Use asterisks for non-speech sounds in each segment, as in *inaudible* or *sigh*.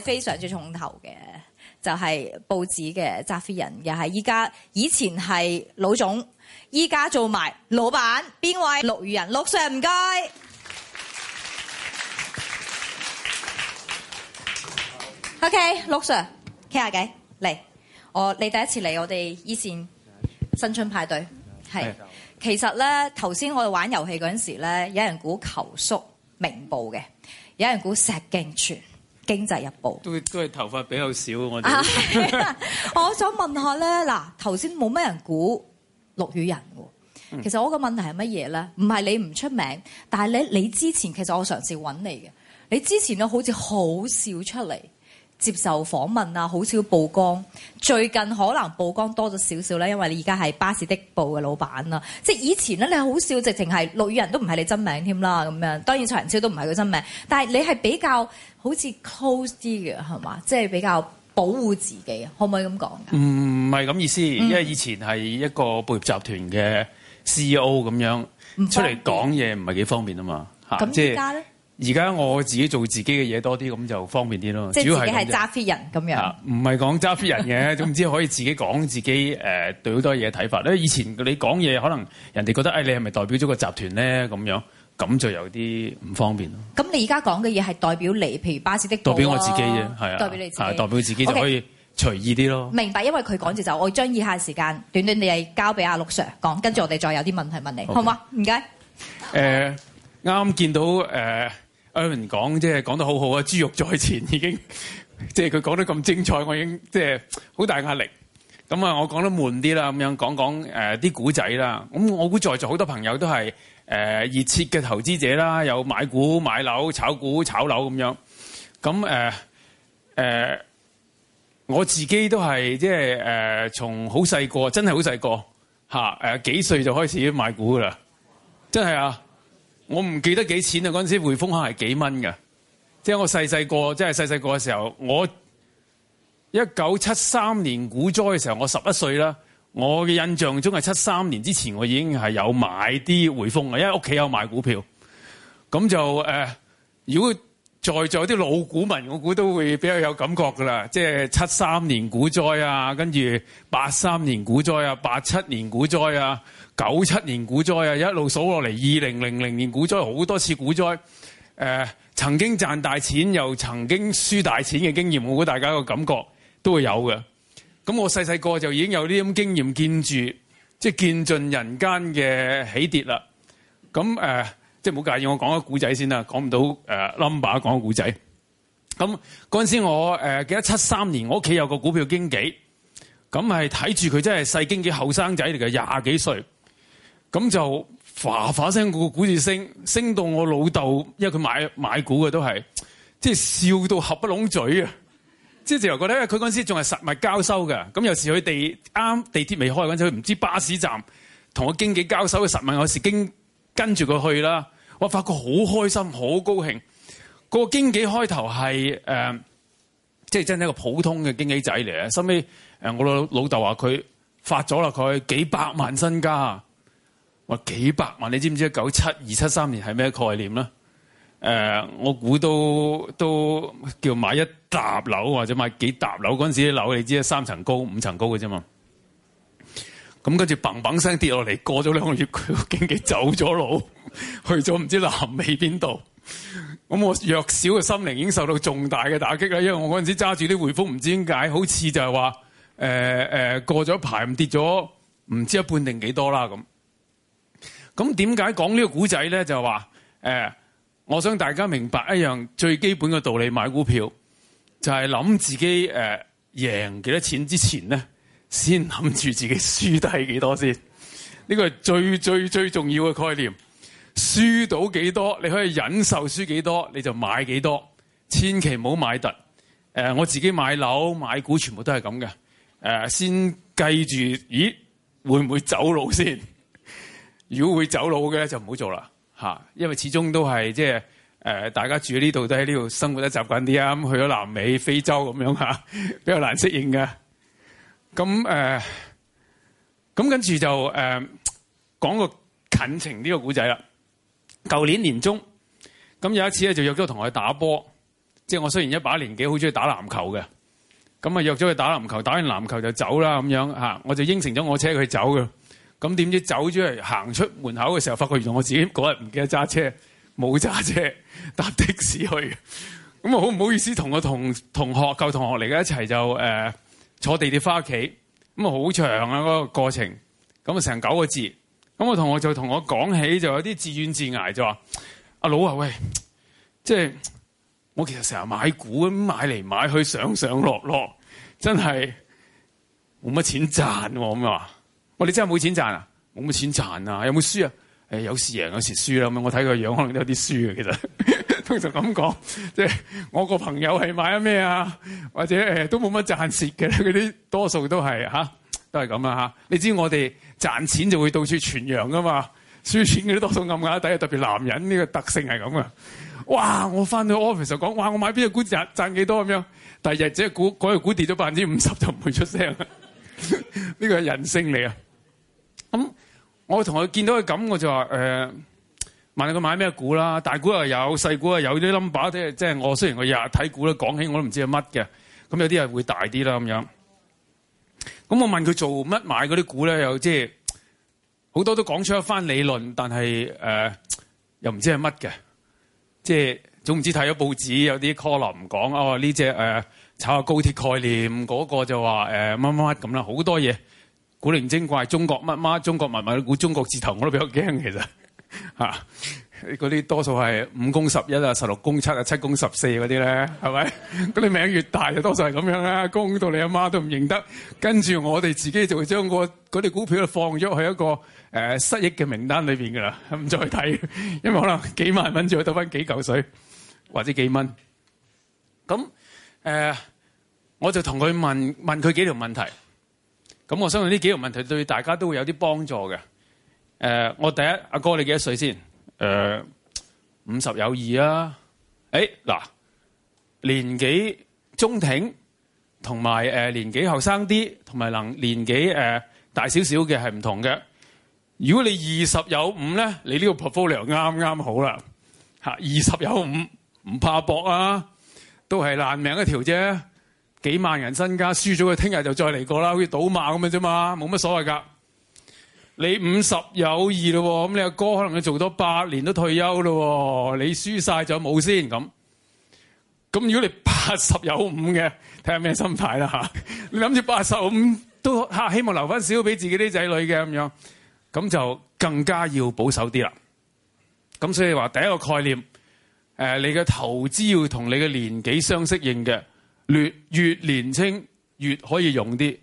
非常之重頭嘅，就係、是、報紙嘅揸飛人，又係依家以前係老總，依家做埋老闆，邊位？陸羽仁，陸 Sir 唔該。O、okay, K，陸 Sir，傾下偈嚟。我你第一次嚟我哋一線新春派對，係。其實咧，頭先我哋玩遊戲嗰陣時咧，有人估球叔明報嘅，有人估石鏡泉。經濟日報都都係頭髮比較少，我 *laughs* *laughs* *laughs* 我想問下咧，嗱頭先冇乜人估陸羽仁喎。其實我個問題係乜嘢咧？唔係你唔出名，但係咧你，你之前其實我嘗試揾你嘅。你之前咧好似好少出嚟接受訪問啊，好少曝光。最近可能曝光多咗少少啦，因為你而家係巴士的報嘅老闆啦。即係以前咧，你好少，直情係陸羽仁都唔係你真名添啦。咁樣當然蔡超都唔係佢真名，但係你係比較。好似 close 啲嘅係嘛，即係、就是、比較保護自己，可唔可以咁講㗎？唔係咁意思，嗯、因為以前係一個報業集團嘅 C E O 咁樣出嚟講嘢，唔係幾方便，方便嘛啊嘛嚇。咁而家咧？而家我自己做自己嘅嘢多啲，咁就方便啲咯。即係自己係揸 fit 人咁樣。唔係講揸 fit 人嘅， *laughs* 總之可以自己講自己誒、呃、對好多嘢嘅睇法。因為以前你講嘢，可能人哋覺得誒、哎、你係咪代表咗個集團咧咁樣。咁就有啲唔方便咯。咁你而家講嘅嘢係代表你，譬如巴士的代表我自己嘅，係啊，代表你自己，啊、代表自己就可以、okay。隨意啲咯。明白，因為佢講住就我將以下時間短短地係交俾阿陸 Sir 講，跟住我哋再有啲問題問你，okay。好嗎？唔該。啱啱見到誒，Aaron 講即係講得好好啊！豬肉在前已經，即係佢講得咁精彩，我已經即係好大壓力。咁、嗯、啊，我講得悶啲啦，咁樣講講誒啲古仔啦。咁我估在座好多朋友都係。誒熱切嘅投資者啦，有買股買樓、炒股炒樓咁樣，咁誒誒，我自己都係即係誒，從好細個，真係好細個吓誒，幾歲就開始買股噶啦，真係啊！我唔記得幾錢啊。嗰陣時匯豐行係幾蚊㗎？即係我細細個，即係細細個嘅時候，我一九七三年股災嘅時候，我十一歲啦。我嘅印象中係七三年之前，我已經係有買啲匯豐嘅，因為屋企有買股票。咁就誒、呃，如果在座啲老股民，我估都會比較有感覺㗎啦。即係七三年股災啊，跟住八三年股災啊，八七年股災啊，九七年股災啊，一路數落嚟，二零零零年股災好多次股災。誒、呃，曾經賺大錢又曾經輸大錢嘅經驗，我估大家個感覺都會有嘅。咁我細細個就已經有啲咁經驗見住，即係見盡人間嘅起跌啦。咁誒，即係唔好介意，我講個古仔先啦。講唔到誒 number，講個古仔。咁嗰陣時我誒記得七三年，我屋企有個股票經紀，咁係睇住佢真係細經紀後生仔嚟嘅，廿幾歲。咁就嘩嘩聲個股市升，升到我老豆，因為佢買買股嘅都係，即係笑到合不攏嘴啊！即係自由覺得，因為佢嗰陣時仲係實物交收嘅，咁有時佢哋啱地鐵未開嗰陣，佢唔知巴士站同個經紀交收嘅實物，有時經跟住佢去啦，我發覺好開心，好高興。高興嗰個經紀開頭係誒，即、呃、係、就係、真係一個普通嘅經紀仔嚟啊！後尾誒我老老豆話佢發咗啦，佢幾百萬身家，話幾百萬，你知唔知一九七二七三年係咩概念咧？誒、uh，我估都都叫買一棟樓或者買幾棟樓嗰陣時啲樓，你知啊，三層高、五層高嘅啫嘛。咁跟住砰砰聲跌落嚟，過咗兩個月，佢竟然走咗路，去咗唔知南美邊度。咁我弱小嘅心靈已經受到重大嘅打擊啦。因為我嗰陣時揸住啲匯豐，唔知點解好似就係話誒誒過咗排唔跌咗，唔知一半定幾多啦咁。咁點解講呢個古仔咧？就係、是、話誒。我想大家明白一樣最基本嘅道理，買股票就係、是、諗自己誒贏幾多錢之前咧，先諗住自己輸低幾多先。呢個係最最最重要嘅概念。輸到幾多，你可以忍受輸幾多，你就買幾多。千祈唔好買突。誒、呃，我自己買樓買股，全部都係咁嘅。誒、呃，先計住，咦，會唔會走佬先？如果會走佬嘅咧，就唔好做啦。嚇，因為始終都係即係誒，大家住喺呢度都喺呢度生活得習慣啲啊，咁去咗南美、非洲咁樣嚇，比較難適應嘅。咁誒，咁跟住就誒講、呃、個近情呢個古仔啦。舊年年中，咁有一次咧就約咗同佢打波，即、就、係、係、我雖然一把年紀，好中意打籃球嘅。咁啊約咗佢打籃球，打完籃球就走啦咁樣嚇，我就應承咗我車佢走嘅。咁點知走咗嚟行出門口嘅時候，發覺原來我自己嗰日唔記得揸車，冇揸車，搭的士去的，咁啊好唔好意思，同我同同學舊同學嚟嘅一齊就誒、呃、坐地鐵翻屋企，咁啊好長啊嗰、嗰個過程，咁啊成九個字，咁、那、我、個、同學就同我講起，就有啲自怨自艾就話：，阿老啊，喂，即係我其實成日買股，咁買嚟買去上上落落，真係冇乜錢賺喎咁啊！我、哦、哋真係冇錢賺啊？冇乜錢賺啊？有冇輸啊？誒、欸，有時贏，有時輸啦。咁樣我睇個樣，可能都有啲輸嘅。其實 *laughs* 通常咁講，即、就、係、是、我個朋友係買咗咩啊，或者誒都冇乜賺蝕嘅。嗰啲多數都係吓，都係咁啊吓、啊。你知我哋賺錢就會到處傳揚噶嘛，輸錢嗰啲多數暗啞底啊，特別男人呢、這個特性係咁啊。哇！我翻到 office 就講哇，我買邊個股賺賺幾多咁樣，但係日者股嗰、那個、股跌咗百分之五十就唔會出聲啦。呢個係人性嚟啊！咁、嗯、我同佢見到佢咁，我就話誒，問佢買咩股啦，大股又有，細股又有啲 number，即係即係我雖然我日日睇股啦，講起我都唔知係乜嘅。咁有啲係會大啲啦咁樣。咁我問佢做乜買嗰啲股咧？又即係好多都講出一番理論，但係誒、呃、又唔知係乜嘅。即、就、係、是、總唔知睇咗報紙有啲 call 唔講哦呢隻誒炒下高鐵概念，嗰、那個就話誒乜乜乜咁啦，好、呃、多嘢。古靈精怪，中國乜媽，中國文文股，中國字頭我都比較驚，其實嚇嗰啲多數係五公十一啊，十六公七啊，七公十四嗰啲咧，係咪？嗰啲名越大就多數係咁樣啦，公到你阿媽都唔認得。跟住我哋自己就會將個嗰啲股票放咗去一個誒失憶嘅名單裏邊㗎啦，唔再睇，因為可能幾萬蚊再得翻幾嚿水或者幾蚊。咁誒，我就同佢問問佢幾條問題。咁、嗯、我相信呢幾個問題對大家都會有啲幫助嘅，呃。我第一阿哥，哥你幾多歲先？誒、呃，五十有二啦，啊。誒、欸，嗱，年紀中挺同埋年紀後生啲，同埋能年紀、呃、大少少嘅係唔同嘅。如果你二十有五咧，你呢個 portfolio 啱啱好啦。嚇，二十有五唔怕搏啊，都係爛命一條啫。幾萬人身家輸咗，佢聽日就再嚟過啦，好似賭馬咁樣啫嘛，冇乜所謂噶。你五十有二咯，咁你阿哥,哥可能就做咗八年都退休咯，你輸晒就冇先咁。咁如果你八十有五嘅，睇下咩心態啦吓。 *laughs* 你諗住八十五都吓，希望留翻少俾自己啲仔女嘅咁樣，咁就更加要保守啲啦。咁所以話第一個概念，誒，你嘅投資要同你嘅年紀相適應嘅。越越年輕越可以用啲，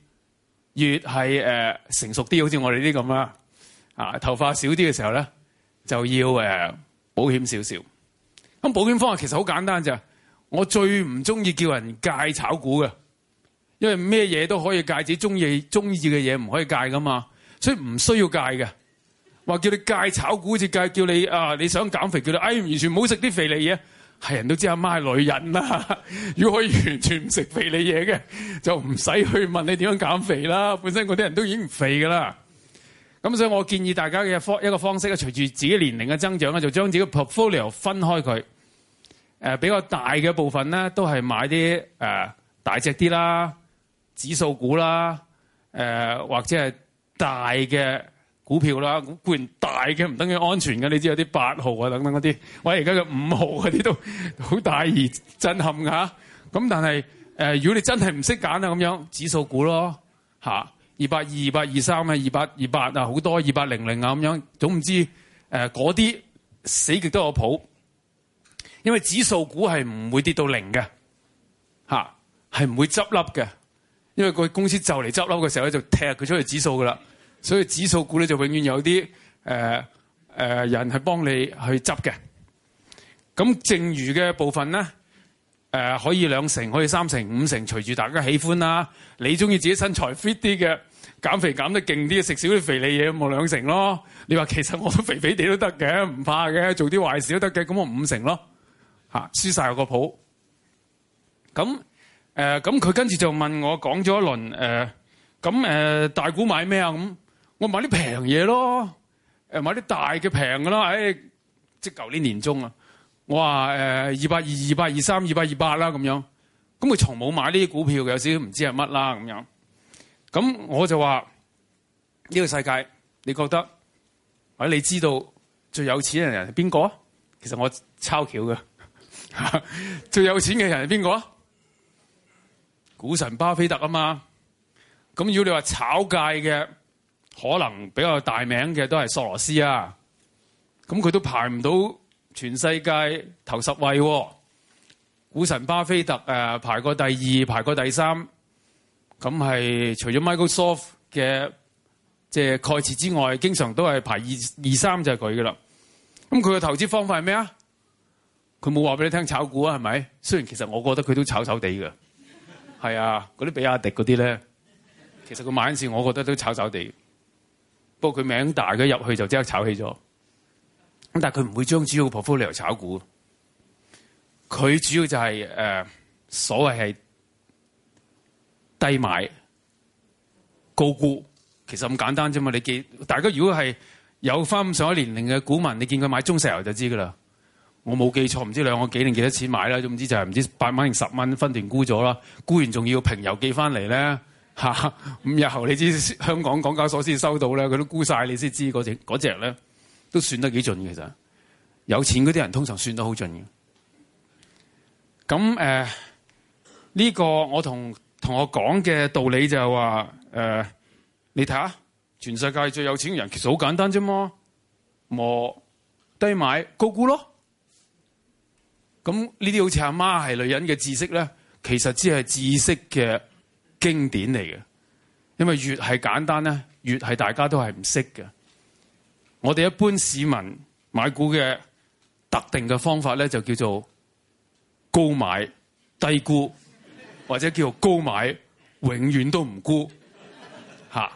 越係、呃、成熟啲，好似我哋呢啲咁啦。啊，頭髮少啲嘅時候咧，就要誒、呃、保險少少。咁保險方法其實好簡單啫。我最唔中意叫人戒炒股嘅，因為咩嘢都可以戒，自己中意中意嘅嘢唔可以戒噶嘛。所以唔需要戒嘅。話叫你戒炒股，好似戒叫你啊，你想減肥，叫你：哎「唉，完全唔好食啲肥膩嘢。係人都知阿媽係女人啦，如果可以完全唔食肥膩嘢嘅，就唔使去問你點樣減肥啦。本身嗰啲人都已經唔肥噶啦。咁所以我建議大家嘅一個方式咧，隨住自己年齡嘅增長咧，就將自己 portfolio 分開佢、呃，比較大嘅部分咧，都係買啲、呃、大隻啲啦、指數股啦、呃、或者係大嘅。股票啦，咁固然大嘅唔等於安全嘅，你知有啲八號啊等等嗰啲，或者而家嘅五號嗰啲都好大而震撼噶。咁、啊、但係、呃，如果你真係唔識揀啊，咁樣指數股咯，吓，二百二、二百二三啊，二百二百，啊，好多二百零零啊，咁樣總唔知誒嗰啲死極都有譜，因為指數股係唔會跌到零嘅，吓、啊，係唔會執笠嘅，因為個公司就嚟執笠嘅時候咧就踢佢出去指數噶啦。所以指數股咧就永遠有啲誒、呃呃、人係幫你去執嘅，咁剩餘嘅部分咧誒、呃、可以兩成，可以三成、五成，隨住大家喜歡啦。你中意自己身材 fit 啲嘅，減肥減得勁啲，食少啲肥膩嘢，冇兩成咯。你話其實我都肥肥哋都得嘅，唔怕嘅，做啲壞事都得嘅，咁我五成咯嚇，輸晒、啊、我個譜咁誒咁佢跟住就問我講咗一輪誒咁誒大股買咩啊咁？我買啲平嘢咯，誒買啲大嘅平嘅咯，誒即係舊年年中啊，我話誒二百二二百二三二百二八啦咁樣，咁佢從冇買呢啲股票嘅，有少少唔知係乜啦咁樣，咁我就話呢、這個世界你覺得或者你知道最有錢嘅人係邊個啊？其實我抄巧橋嘅， *laughs* 最有錢嘅人係邊個啊？股神巴菲特啊嘛，咁如果你話炒界嘅。可能比較大名嘅都係索羅斯啊，咁佢都排唔到全世界頭十位啊。股神巴菲特誒、啊、排過第二，排過第三，咁係除咗 Microsoft 嘅即係蓋茨之外，經常都係排二二三就係佢噶啦。咁佢嘅投資方法係咩啊？佢冇話俾你聽炒股啊，係咪？雖然其實我覺得佢都炒炒地㗎。係 *laughs* 啊，嗰啲比亞迪嗰啲咧，其實個晚市我覺得都炒炒地。不過佢名大，佢入去就即刻炒起咗。咁但係佢唔會將主要 portfolio 炒股，佢主要就係、是、誒、呃、所謂係低買高估，其實咁簡單啫嘛。你見大家如果係有翻咁上一年齡嘅股民，你見佢買中石油就知㗎啦。我冇記錯，唔知兩個幾定幾多錢買啦，總之就係唔知八蚊定十蚊分段沽咗啦。沽完仲要平郵寄翻嚟咧。吓咁，日後你知香港港交所先收到咧，佢都估晒。你先知嗰隻嗰隻咧都算得幾盡嘅。其實有錢嗰啲人通常算得好盡嘅。咁誒呢個我同同我講嘅道理就係話、呃、你睇下全世界最有錢嘅人其實好簡單啫嘛，磨低買高估咯。咁呢啲好似阿媽係女人嘅知識咧，其實只係知識嘅。經典嚟嘅，因為越係簡單咧，越係大家都係唔識嘅。我哋一般市民買股嘅特定嘅方法咧，就叫做高買低沽，或者叫做高買永遠都唔沽。吓，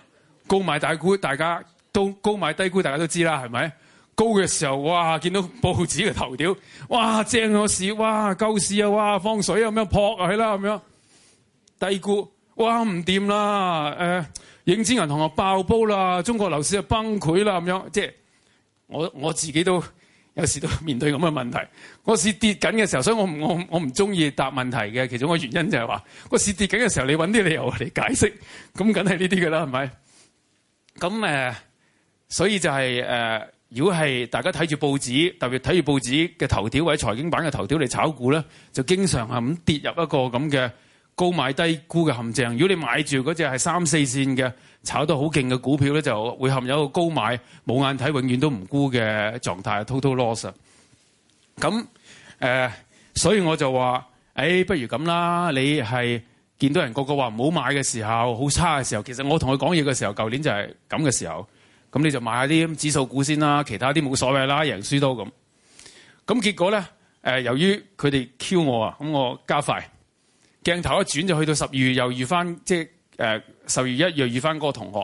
高買大沽，大家都高買低沽，大家都知啦，係咪？高嘅時候，哇，見到報紙嘅頭條，哇，正個市啊，哇，救市啊，哇，放水啊，咁樣撲係啦，咁樣低沽。哇唔掂啦！誒、欸，影子銀行又爆煲啦，中國樓市就崩潰啦，咁樣即係我我自己都有時都面對咁嘅問題。個市跌緊嘅時候，所以我我我唔中意答問題嘅。其中一個原因就係話個市跌緊嘅時候，你搵啲理由嚟解釋，咁梗係呢啲嘅啦，係咪？咁誒、呃，所以就係、是、誒、呃，如果係大家睇住報紙，特別睇住報紙嘅頭條或者財經版嘅頭條嚟炒股咧，就經常係咁跌入一個咁嘅高買低估嘅陷阱，如果你買住嗰隻係三四線嘅炒到好勁嘅股票咧，就會陷入一個高買冇眼睇，永遠都唔沽嘅狀態，total loss。咁誒、呃，所以我就話，誒、哎，不如咁啦，你係見到人個個話唔好買嘅時候，好差嘅時候，其實我同佢講嘢嘅時候，舊年就係咁嘅時候，咁你就買下啲指數股先啦，其他啲冇所謂啦，贏輸都咁。咁結果咧、呃，由於佢哋 cue 我啊，咁我加快。鏡頭一轉就去到十二月又，就是呃、月月又遇翻即係誒十二月一又遇翻個個同學。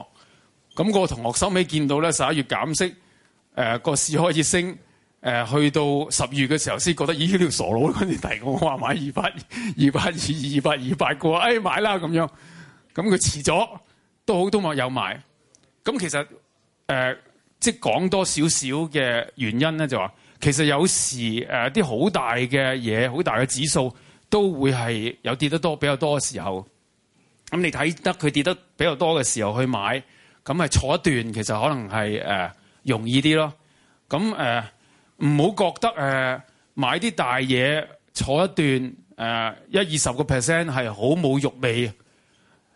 咁、那個同學收尾見到咧十一月減息，誒、呃、個市開始升，誒、呃、去到十二月嘅時候先覺得咦，呢條傻佬跟住提我話買二百二百二二百二百個，哎買啦咁樣。咁佢遲咗都好，都冇有買。咁其實誒即係講多少少嘅原因咧，就話其實有時誒啲好大嘅嘢，好大嘅指數，都會係有跌得多比較多嘅時候，咁你睇得佢跌得比較多嘅時候去買，咁係坐一段其實可能係誒、呃、容易啲咯。咁誒唔好覺得誒、呃、買啲大嘢坐一段誒一二十個 percent 係好冇肉味。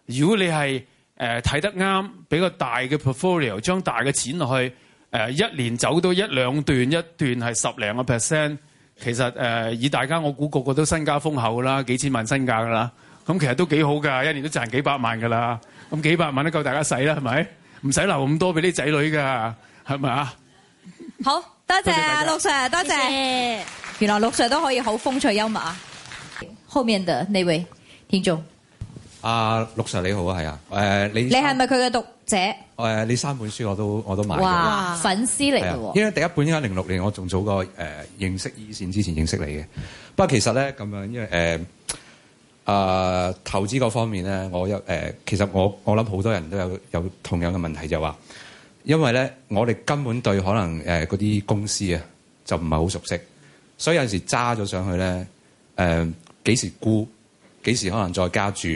如果你係誒睇得啱，畀個大嘅 portfolio 將大嘅錢落去，誒、呃、一年走到一兩段一段係十零個 percent。其實誒，以大家我估個個都身家豐厚啦，幾千萬身價噶啦，咁其實都幾好噶，一年都賺幾百萬噶啦，咁幾百萬都夠大家使啦，係咪？唔使留咁多俾啲仔女噶，係咪啊？好，多謝陸 Sir，多謝。原來陸 Sir 都可以好風趣幽默。後面的那位聽眾。阿陸 Sir，你好係啊，係啊，誒你你係咪佢嘅讀者？誒、啊，你三本書我都我都買咗。哇，啊、粉絲嚟嘅、啊、因為第一本應該零六年，我仲早過誒、呃、認識以善之前認識你嘅、嗯。不過其實咧咁樣，因為誒、呃、啊投資嗰方面咧，我有誒、呃、其實我我諗好多人都有有同樣嘅問題就話，因為咧我哋根本對可能誒嗰啲公司啊就唔係好熟悉，所以有時揸咗上去咧誒幾時沽幾時可能再加注。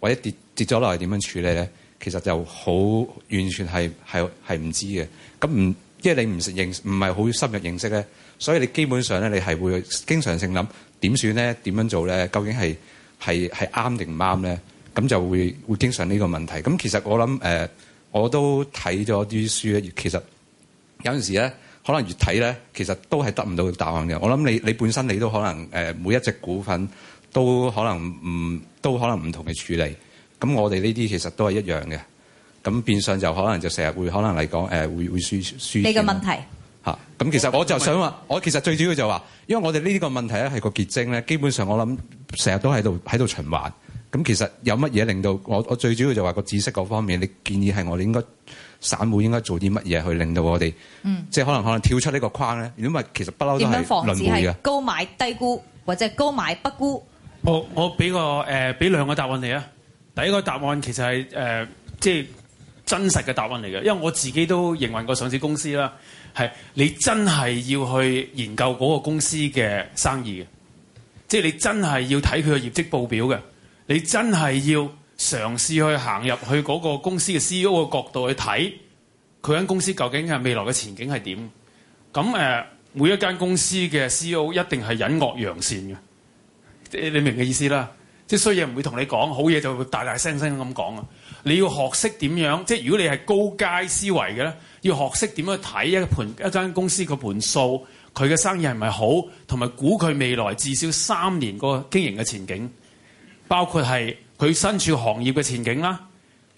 或者跌跌咗落嚟點樣處理咧？其實就好完全係係係唔知嘅。咁唔因為你唔認識，唔係好深入認識咧。所以你基本上咧，你係會經常性諗點算咧，點樣做咧？究竟係係係啱定唔啱咧？咁就會會經常呢個問題。咁其實我諗、呃、我都睇咗啲書咧。其實有陣時咧，可能越睇咧，其實都係得唔到答案嘅。我諗你你本身你都可能、呃、每一隻股份。都可能唔都可能唔同嘅處理，咁我哋呢啲其實都係一樣嘅，咁變相就可能就成日會可能嚟講誒會會輸輸。你嘅問題吓，咁、啊、其實我就想話，我其實最主要就話、是，因為我哋呢個問題咧係個結晶咧，基本上我諗成日都喺度喺度循環，咁其實有乜嘢令到我我最主要就話個知識嗰方面，你建議係我哋應該散戶應該做啲乜嘢去令到我哋，即、嗯、係、就是、可能可能跳出呢個框咧，如果唔係其實不嬲都係輪迴嘅。點樣防止係高買低沽或者高買不沽。我我俾個誒俾、呃、兩個答案你啊。第一個答案其實係誒、呃、即係真實嘅答案嚟嘅，因為我自己都營運過上市公司啦，係你真係要去研究嗰個公司嘅生意嘅，即、就、係、是、你真係要睇佢嘅業績報表嘅，你真係要嘗試去行入去嗰個公司嘅 CEO 嘅角度去睇佢間公司究竟係未來嘅前景係點。咁、呃、每一間公司嘅 CEO 一定係隱惡揚善嘅。你明嘅意思啦，即係衰嘢唔會同你講，好嘢就會大大聲聲咁講啊！你要學識點樣，即係如果你係高階思維嘅咧，要學識點樣去睇一盤一間公司個盤數，佢嘅生意係咪好，同埋估佢未來至少三年個經營嘅前景，包括係佢身處行業嘅前景啦，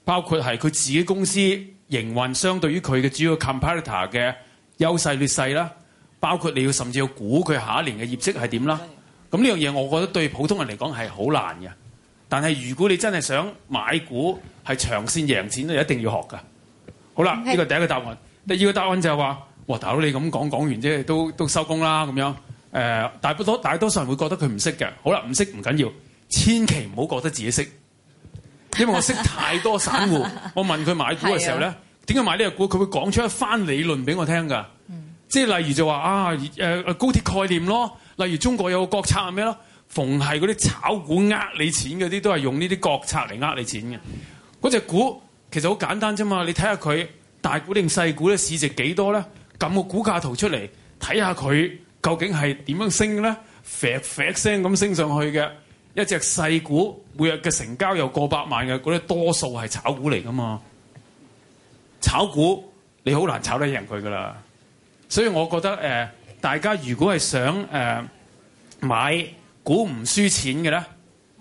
包括係佢自己公司營運相對於佢嘅主要 comparator 嘅優勢劣勢啦，包括你要甚至要估佢下一年嘅業績係點啦。咁呢樣嘢，我覺得對普通人嚟講係好難嘅。但係如果你真係想買股，係長線贏錢咧，你一定要學㗎。好啦，呢、這個第一個答案。第二個答案就係、是、話：哇，大佬你咁講講完啫，都都收工啦咁樣、呃。大多大多數人會覺得佢唔識嘅。好啦，唔識唔緊要，千祈唔好覺得自己識，因為我識太多散戶。 *laughs* 我問佢買股嘅時候咧，點解買呢隻股？佢會講出一番理論俾我聽㗎。即、嗯、係例如就話啊、呃、高鐵概念咯。例如中國有個國策係咩咯？逢係嗰啲炒股呃你錢嗰啲，都係用呢啲國策嚟呃你錢嘅。嗰隻股其實好簡單啫嘛，你睇下佢大股定細股咧，市值幾多咧？撳個股價圖出嚟，睇下佢究竟係點樣升咧？飛飛聲咁升上去嘅一隻細股，每日嘅成交又過百萬嘅，嗰啲多數係炒股嚟噶嘛？炒股你好難炒得贏佢噶啦，所以我覺得誒。呃大家如果係想誒、呃、買股唔輸錢嘅咧，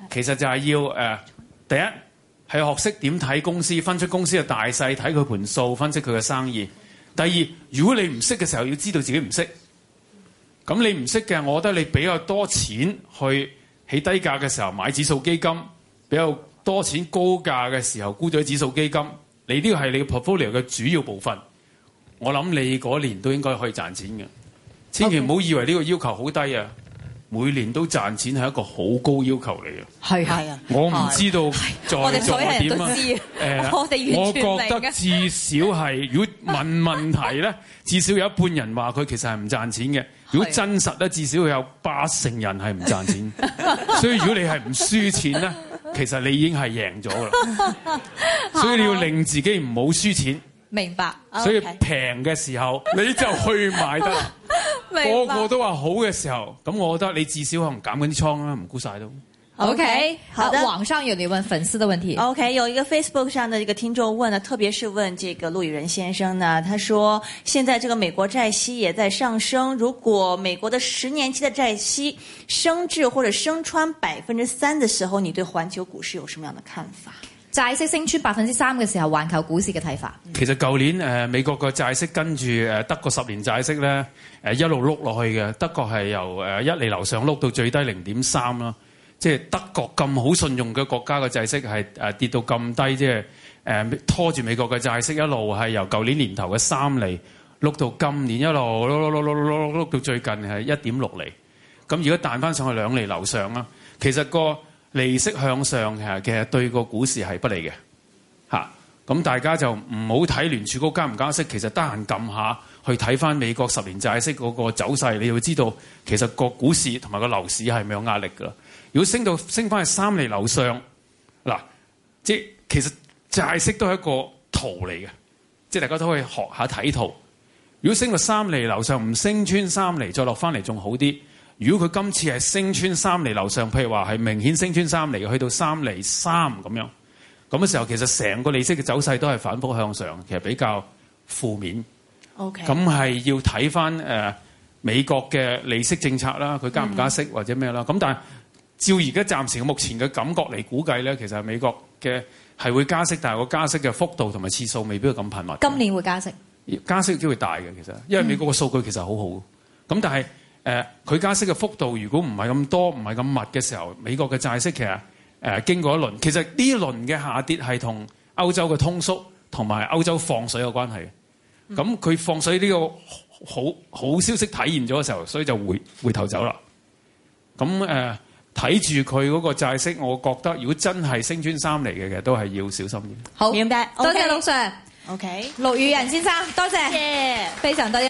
其實就係要、呃、第一係學識點睇公司，分出公司嘅大細，睇佢盤數，分析佢嘅生意。第二，如果你唔識嘅時候，要知道自己唔識咁。噉你唔識嘅，我覺得你比較多錢去起低價嘅時候買指數基金，比較多錢高價嘅時候沽咗指數基金，你呢、這個係你嘅 portfolio 嘅主要部分。我諗你嗰年都應該可以賺錢嘅。千祈唔好以為呢個要求好低啊！每年都賺錢係一個好高的要求嚟啊！係係啊！我唔知道在在點啊！啊、我，我覺得至少係，如果問問題咧，至少有一半人話佢其實係唔賺錢嘅。如果真實咧，至少有八成人係唔賺錢。所以如果你係唔輸錢咧，其實你已經係贏咗噶啦。所以你要令自己唔好輸錢。明白、okay。Okay、所以平嘅時候你就去買得。個個都話好嘅時候，咁、嗯、我覺得你至少可能減緊啲倉啦，唔沽晒都。OK，好的、啊。網上有你問粉絲的問題，OK，有一個 Facebook 上嘅一個聽眾問啦，特別是問這個陸羽仁先生呢，他說：現在這個美國債息也在上升，如果美國的十年期的債息升至或者升穿百分之三的時候，你對環球股市有什麼樣的看法？債息升穿百分之三嘅時候，環球股市嘅睇法、嗯。其實舊年誒、呃、美國嘅債息跟住誒、呃、德國十年債息咧誒、呃、一路碌落去嘅，德國係由誒、呃、一厘樓上碌到最低零點三啦。即、就、係、是、德國咁好信用嘅國家嘅債息係誒、呃、跌到咁低，即係誒拖住美國嘅債息一路係由舊年年頭嘅三厘碌到今年一路碌碌碌碌碌碌碌到最近係一點六厘。咁如果彈翻上去兩厘樓上啦，其實個。利息向上，嘅其實對個股市係不利嘅，嚇、啊、咁大家就唔好睇聯儲局加唔加息，其實得閒撳下去睇翻美國十年債息嗰個走勢，你就會知道其實個股市同埋個樓市係咪有壓力嘅。如果升到升翻去三厘樓上，嗱、啊，即係其實債息都係一個圖嚟嘅，即係大家都可以學下睇圖。如果升到三厘樓上唔升穿三厘，再落翻嚟仲好啲。如果佢今次係升穿三厘樓上，譬如話係明顯升穿三厘去到三厘三咁樣，咁嘅時候其實成個利息嘅走勢都係反覆向上，其實比較負面。O K，咁係要睇翻誒美國嘅利息政策啦，佢加唔加息、嗯、或者咩啦。咁但係照而家暫時目前嘅感覺嚟估計咧，其實美國嘅係會加息，但係個加息嘅幅度同埋次數未必會咁頻密。今年會加息？加息機會大嘅，其實因為美國嘅數據其實好好，咁但係。誒佢加息嘅幅度如果唔係咁多唔係咁密嘅時候，美國嘅債息其實誒、呃、經過一輪，其實呢輪嘅下跌係同歐洲嘅通縮同埋歐洲放水有關係。咁、嗯、佢放水呢個好好消息體現咗嘅時候，所以就回回頭走啦。咁誒睇住佢嗰個債息，我覺得如果真係升穿三嚟嘅，嘅，都係要小心啲。好，明白。多謝陸 sir。OK，, okay. 陸羽仁先生，多謝，yeah. 非常多謝。